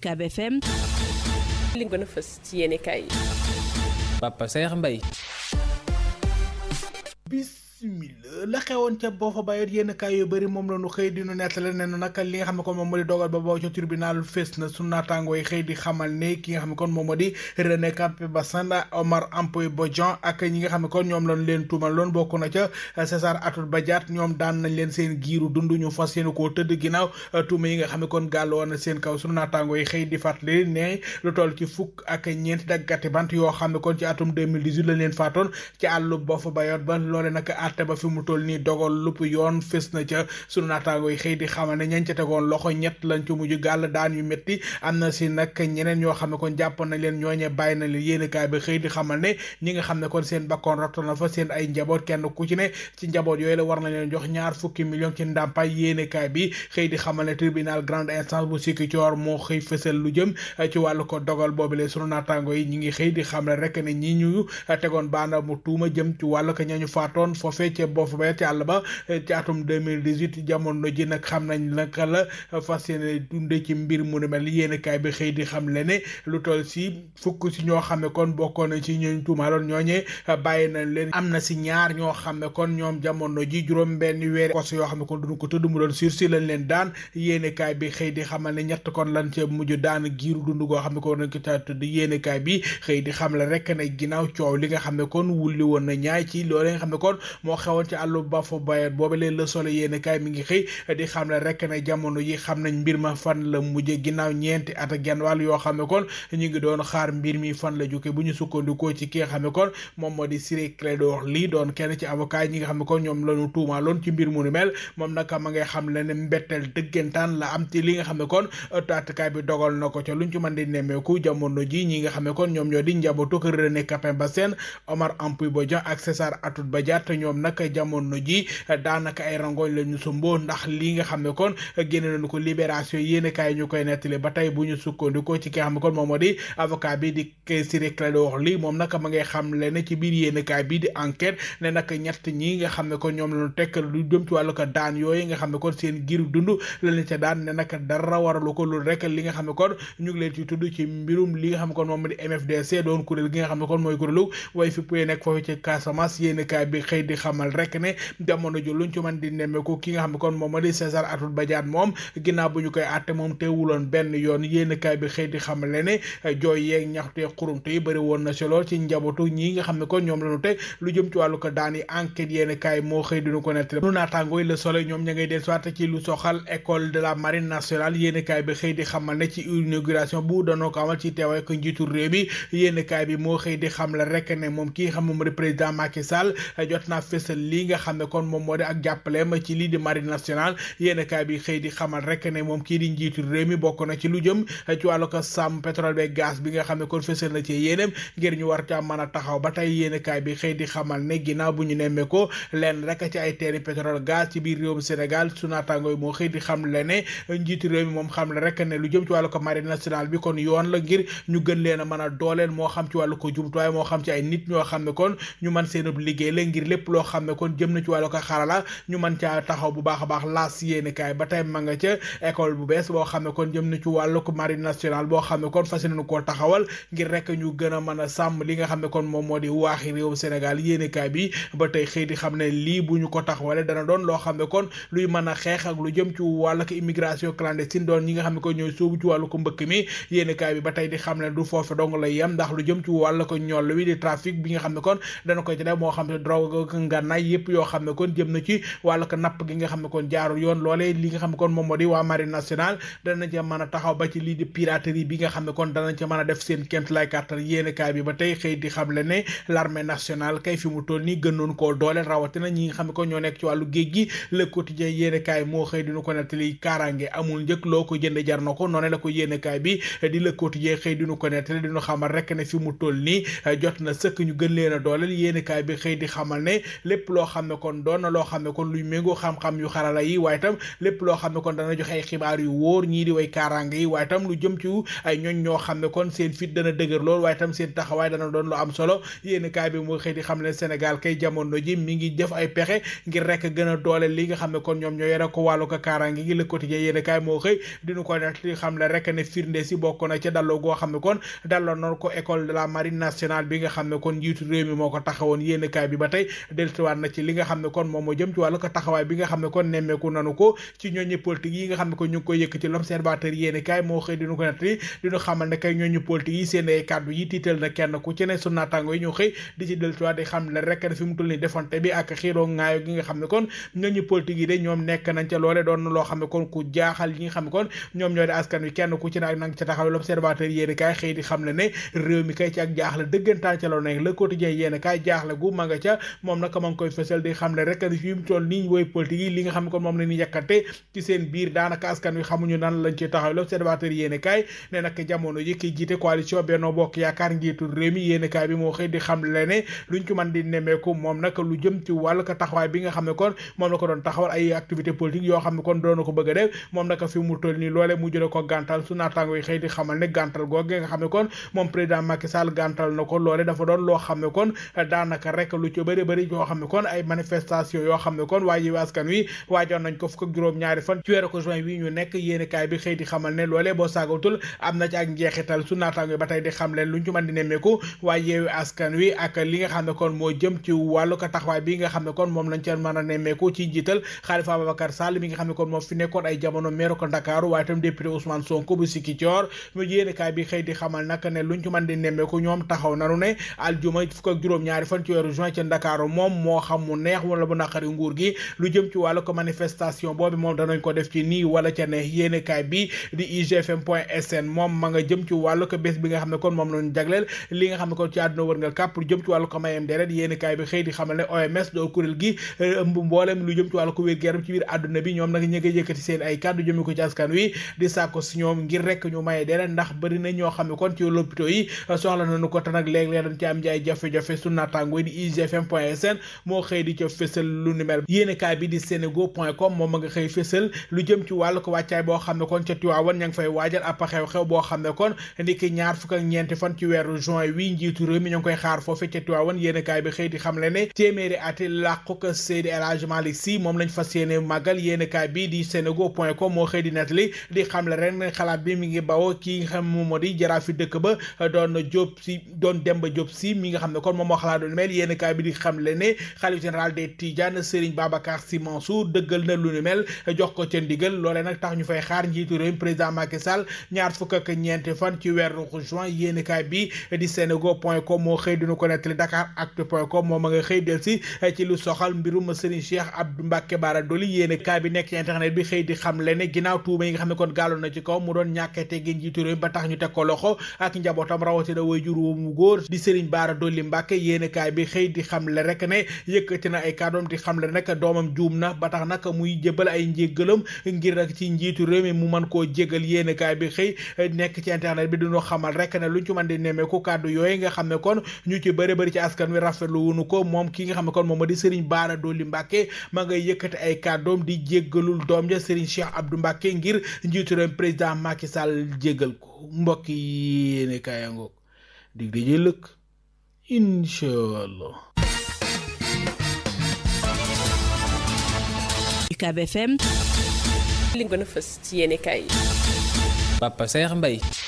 UCAB FM li gën a ci yéen kay Papa Saer Mbaye la xewoon ca boofa bayit yenn kaay yu bëri moom la ñu xëy di nu nettali ne nu nag li nga xam ne kon moom moo di dogal ba boo ca tribunal fees na sunu naataangoo yi xëy di xamal ne ki nga xam ne kon moom moo di René Omar Ampoy Bodian ak ñi nga xam ne kon ñoom lañ leen tuumal loon bokk na ca César Atoute Badiate ñoom daan leen seen giiru dund ñu fas yéene koo tëdd ginnaaw euh, tuuma yi nga xam ne kon gàlloon na seen kaw sunu naataangoo yi xëy di fàttali ne lu toll ci fukk ak ñeent daggati bant yoo xam ne kon ci atum 2018 lañ leen faatoon ci àllu boofa bayoot toll nii dogal lupp yoon fës na ca sunu naataango yi xëy di xamal ne ñañ ca tegoon loxo ñett lañ ci mujj gàll na si nag ñeneen ñoo xam ne kon jàpp nañ leen ñooñe bàyyi na leen yéenekaay bi xëy ñi nga na xëy di xamal ne yi ñi ngi xëy di xamle rek ne ñi ñu tegoon baana mu tuuma jëm ci wàllu ko ñañu faatoon foofee ca boofu ba ca àll ba eh, ci atum 2018 jamono ji nag xam nañ naka la fas yéene dunde ci mbir mu ne mel yéenekaay bi xëy di xam le ne lu toll si fukk si ñoo xam ne kon bokkoon na ci ñooñ tuumaaloon ñooñee eh, bàyyi nañ leen am na si ñaar ñoo xam ne kon ñoom jamono ji juróom benn weer kos yoo xam ne kon duñu ko tudd mu doon sursis lañ leen daan yéenekaay bi xëy di xamal ne ñett kon lan cee mujj daan giiru dund goo xam ne ko war nañ ko caa bi xëy di xam la rek kon wulli woon na ñaay ci loolee nga xam ne kon moo xewoon ci àll wàllu Bafoubaye boobu leen Le Soleil yéeni kaay mi ngi xëy di xam ne rek ne jamono yi xam nañ mbir ma fan la mujje ginnaaw ñeenti at ak genn wàll yoo xam ne kon la jóge bu ñu sukkandikoo ci ki nga ne kon moom moo di ñoom la ñu tuumaaloon ci mbir mu nu mel moom la am li nga xam ne kon taatkaay bi dogal na ko ca luñ ci mën di nemmeeku jamono ji ñi nga xam ne kon ñoom ñoo di njabootu René Capain Bassène Omar Ampuy Bodian ak César Atoute Badiate ñoom nag jamono jamono ji daanaka la ñu sumbo ndax lii nga xam ne kon génne nañu ko libération yéen kaay ñu koy nettali ba tey bu ñu sukkandikoo ci ki nga xam ne kon moom moo di avocat bi di Ciré Clédor Ly moom nag ma ngay xam leen ci biir yéen kaay bi di enquête ne nag ñett ñi nga xam ne ñoom la ñu lu jëm ci wàllu ko daan yooyu nga xam kon ñu leen ci tudd ci mbirum li nga xam kon moom di MFDC doon kuréel gi nga xam kon mooy kuréelu way fi puye nekk foofu ci Casamance yéen kaay bi xëy di xamal rek ne ne jamono ju luñ ci mën di nemmeeku ki nga xam ne kon moom moo di César Atoute Badiane moom ginnaaw bu ñu koy àtte moom teewuloon benn yoon yéen kaay bi xëy di xamal ne na si lool ci ñi nga xam ne kon la ñu teg lu jëm ci wàllu ko daan yi enquête yéen kaay moo la marine nationale yéen kaay bi xëy di xamal inauguration bu doonoo ko amal ci teewaay ko njiitu réew bi yéen kaay bi moo xëy di xam la rek ne moom kii xam moom président Macky jot naa fësal lii nga xam ne kon moom moo di ak jàppaleem ci lii di marine nationale yéen kaay bi xëy di xamal rek ne moom kii di njiitu réew mi bokk na ci lu jëm ci wàllu ko sàmm pétrole beeg gaz bi nga xam ne kon na ci yéeneem ngir ñu war ca mën a taxaw ba tey yéen kaay bi xëy moo xëy di xam le ne njiitu réew mi moom xam le rek ne lu jëm ci wàllu ko marine nationale bi kon yoon la ngir ñu gën leen a mën a dooleel moo xam ci wàllu ko jumtuwaay moo xam ci ay nit ñoo xam ne kon ñu mën seenub liggéey la ngir lépp loo xam kon jëm na ci wàllu ko xarala ñu man caa taxaw bu baax a baax laas yéene ba tey ma nga ca école bu bees boo xam ne kon jëm na ci wàllu marine nationale boo xam ne kon fas nañu koo taxawal ngir rek ñu gën mën a sàmm li nga xam ne kon moom moo di waaxi réew Sénégal yéene kaay bi ba tey xëy di xam ne lii bu ñu ko taxawale dana doon loo xam ne kon luy mën a xeex lu jëm ci wàllu immigration clandestine doon ñi nga xam ne kon ñooy sóobu ci wàllu ko mbëkk mi yéene kaay bi ba tey di xam ne du foofu dong la yem ndax lu jëm ci wàllu ko ñoll wi di trafic bi nga xam ne kon dana ko ci def moo xam ne drogue ngànnaay yëpp yoo xam ne kon jëm na ci wàllu ko napp gi nga xam kon moom moo di waa marine nationale dana ca mën a taxaw ba ci lii di piraterie bi nga xam ne kon danañ ca mën a def seen kémt lay kàttan yéene kaay bi ko nettali kaaraange amul njëkk loo ko jënde jar na ko noonu la ko yéene kaay bi di le quotidien xëy dinu ko nettali dinu xamal rek ne fi mu toll nii jot na sëkk ñu gën leen a dooleel yéene kaay bi xëy di xamal ne lépp loo xam xam ne kon doon na loo xam ne kon luy méngoo xam-xam yu xarala yi waaye tam lépp loo xam ne kon dana joxe ay xibaar yu wóor ñii di way kaaraange yi waaye tam lu jëm ci ay ñooñ ñoo xam ne kon seen fit dana dëgër lool waaye tam seen taxawaay dana doon lu am solo yéen kaay bi moo xëy di xam ne ngi def ay pexe ngir rek gën a doole li nga xam ne kon ñoom ñoo yore ko wàllu ko kaaraange gi Le Quotidien yéen kaay moo xëy diñu ko net ne firnde si bokk na ca dalloo goo xam ne kon dalloo noonu ko école de la marine nationale bi nga xam ne kon njiitu réew mi moo ko taxawoon yéen kaay bi ba tey deltuwaat na ci li nga xam ne kon moom moo jëm ci wàllu ko taxawaay bi nga xam ne kon nemmeeku nanu ko ci ñooñu politique yi nga xam ne kon ñooñu politique yi de ñoom nekk nañ ca loole doon loo xam ne kon ku jaaxal yi nga xam ne kon ñoom ñoo di askan wi kenn ku ci ne ak nang ca taxaw l'observateur yéeni xëy di xam le ne réew mi kay ci ak jaaxle dëggantaan ca lool nekk le quotidien yéeni jaaxle gu ma nga ca moom nag ma ngi koy fësal dal di xam ne rek fi mu toll nii woy politique yi li nga la ñuy yàkkante ci bi nga xam ne kon moom la ko doon taxawal ay activité politique a def moom loole mu jële ko gàntal su naataango yi xëy di xamal ne gàntal googe nga xam ne kon moom président Macky Sall gàntal na ko loole dafa doon loo xam ne kon daanaka rek lu ci bëri yoo xam ne kon ay manifestation yoo xam ne kon waa yi askan wi waajoon nañ ko fukk ak juróom-ñaari fan ci weeru ko juin wi ñu nekk yéenekaay bi xëy di xamal ne loolee boo saagatul ci xam leen luñ di nemmeeku waaye yeewi askan wi ak li nga xam ne kon moo ci wàllu ko taxawaay bi nga xam ne kon moom lañ ci mën a nemmeeku ci jiital Khalifa Ababacar Sall mi nga xam ne kon moom fi nekkoon ay jamono meeru ko Ndakaaru waaye itam député Ousmane Sonko bu Sikicoor mu yéenekaay bi ne luñ ci mën di nemmeeku ñoom taxaw nanu ne aljuma fukk ak juróom-ñaari fan moom moo xam neex wala bu naqari nguur gi lu jëm ci wàll ko manifestation boobu moom danañ ko def ci nii wala ca neex yéenekaay bi di igfm point sn moom ma nga jëm ci wàllu ko bés bi xam ne kon moom lañu jagleel li nga xam ne kon ci àdduna wërngal kàpp lu jëm ci wàllu ko xëy di xamal ne OMS doo kuréel euh, ci wàllu àdduna bi ñoom nag ñi nga yëkkati seen ay kàddu jëme ko ci askan wi di sàkko si ñoom ngir rek ñu ndax bëri na ñoo xam ne kon ci lopito yi soxla léeg-léeg dañ ci am jaay jafe-jafe su naataango igfm point sn moo xëy di ca fësal lu ni mel yéenekaay bi di senego.com moom ma nga xëy fësal lu jëm ci wàllu ko wàccaay bi di xam le ne moom lañ xalaat bi mi ngi bawoo bi di xam le ne xalifa général des Tidiane Serigne Babacar Sy Mansour dëggal na lu ni mel jox ko ca ndigal loole nag tax ñu fay xaar njiitu réew président Macky Sall ñaar fukk ak ñeenti fan ci weeru juin yéenekaay bi di Senego point com moo xëy dina ko nettali Dakar actu point com moo nga xëy del ci lu soxal mbirum Serigne Cheikh Abdou Mbacké Bara Dolly yéenekaay bi nekk ci internet bi xëy di xam le ne ginnaaw tuuma yi nga xam ne kon gàlloon na ci kaw mu doon ñàkkee teggin njiitu réew ba tax ñu teg ko loxo ak njabootam rawatina waajur wu mu góor yëkkati na ay kàddoom di xamle nag doomam juum na ba tax nag muy jëbal ay njéggalam ngir nag ci njiitu réew mi mu mën koo jégal yéen bi xëy nekk ci internet bi duñu xamal rek ne lu luñ ci mën di nemmeeku kàddu yooyu nga xam ne kon ñu ci bëri bëri ci askan wi rafetlu wuñu ko moom ki nga xam ne kon moom ma di Serigne Bara Dolly Mbacké ma ngay yëkkati ay kàddoom di jéggalul doom ja Serigne Cheikh Abdou Mbacké ngir njiitu réew président Macky Sall jégal ko mbokk yi yéene kaayangoog dig dajee lëkk incha UCAB FM a fës ci yéene kaay Papa Saer Mbaye